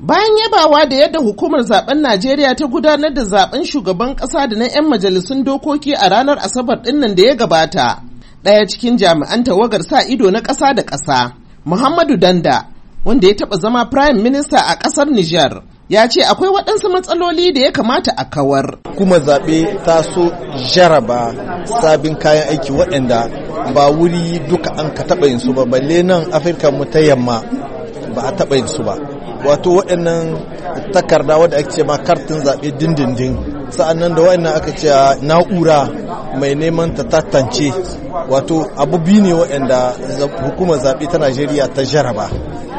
Bayan yabawa da yadda hukumar zaben Najeriya ta gudanar da zaben shugaban ƙasa da na 'yan majalisun dokoki a ranar Asabar ɗinnan da ya gabata, ɗaya cikin jami'an tawagar sa ido na ƙasa da ƙasa, Muhammadu Danda, wanda ya taɓa zama Prime Minister a ƙasar Nijar. ya ce akwai waɗansu matsaloli da ya kamata a kawar. Kuma zaɓe ta so jaraba sabin kayan aiki waɗanda ba wuri duka an ka taɓa yin su ba balle nan Afirka mu ta yamma ba a taɓa yin su ba. wato waɗannan takarda wadda ake ce ma kartin zaɓe dindindin sa'annan da waɗannan aka ce na'ura mai neman ta tantance wato abu biyu ne waɗanda hukumar zaɓe ta najeriya ta jaraba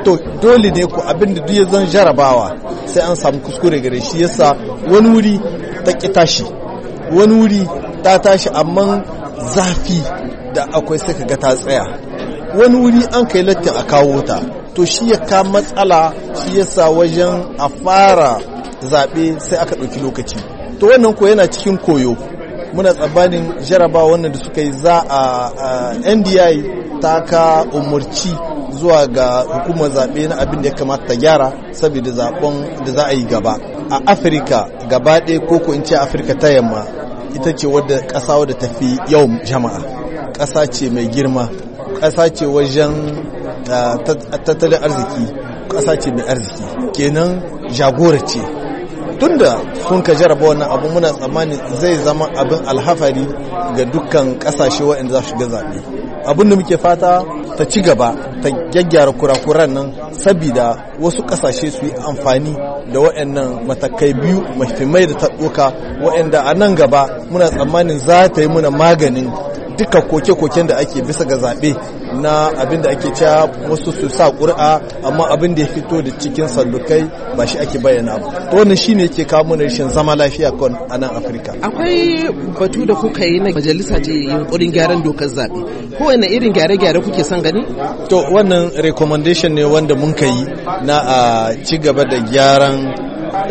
to dole ne ku abin da duk zan jarabawa sai an samu kuskure gare shi yasa wani wuri ta ƙi tashi wani wuri ta tashi amma zafi da akwai sai ka ga ta tsaya wani wuri an kai lattin a kawo ta to shi ya ka matsala shi sa wajen a fara zaɓe sai aka ɗauki lokaci to wannan ko yana cikin koyo muna tsabanin jaraba wannan da suka yi za a ndi ta ka umarci zuwa ga hukumar zaɓe na abin da ya kamata ta gyara saboda zaɓen da za a yi gaba a afirka gaba ɗaya ko ko in ce afirka ta yamma ita ce wadda ƙasa wadda ta fi yau jama'a ƙasa ce mai girma ƙasa ce wajen tattalin arziki ƙasa ce mai arziki kenan jagora ce tunda sun ka jaraba wannan abu muna tsammani zai zama abin alhafari ga dukkan ƙasashe waɗanda za su shiga zaɓe abin da muke fata ta ci gaba ta gyaggyara kurakuran nan sabida wasu ƙasashe su yi amfani da waɗannan matakai biyu mai da ta ɗoka waɗanda a nan gaba muna tsammanin za ta yi muna maganin duka koke-koken da ake bisa ga zaɓe na abin da ake cewa wasu su sa ƙuri'a amma abin da ya fito da cikin sallukai ba shi ake bayyana ba to wannan shine yake kawo mana rashin zama lafiya kon a nan afirka akwai batu da kuka yi na majalisa ce yunkurin gyaran dokar zaɓe ko wani irin gyare-gyare kuke son gani to wannan recommendation ne wanda mun ka yi na a ci gaba da gyaran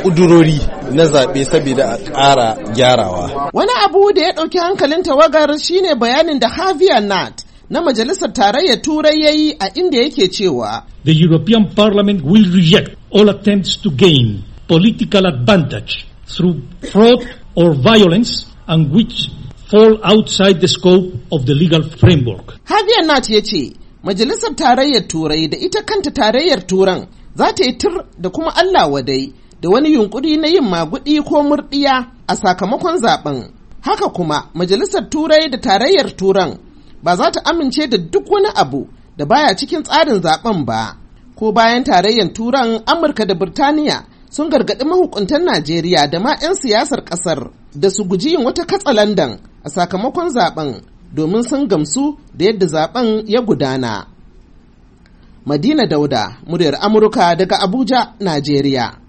kudurori na zaɓe saboda a ƙara gyarawa. Wani abu da ya ɗauki hankalin tawagar shine bayanin da Javier Nat, na Majalisar Tarayyar Turai ya yi a inda yake cewa The European Parliament will reject all attempts to gain political advantage through fraud or violence and which fall outside the scope of the legal framework. Javier Nat ya ce, Majalisar Tarayyar Turai da ita kanta Tarayyar Turan za ta yi tur da kuma Allah wadai da wani yunkuri na yin magudi ko murdiya a sakamakon zaben. Haka kuma Majalisar Turai da Tarayyar Turan ba za ta amince da duk wani abu da baya cikin tsarin zaben ba ko bayan tarayyar turan amurka da birtaniya sun gargaɗi mahukuntan najeriya da ma 'yan siyasar ƙasar da su guji yin wata katsa Landan a sakamakon zaben domin sun gamsu da yadda zaben ya gudana madina dauda muryar amurka daga abuja najeriya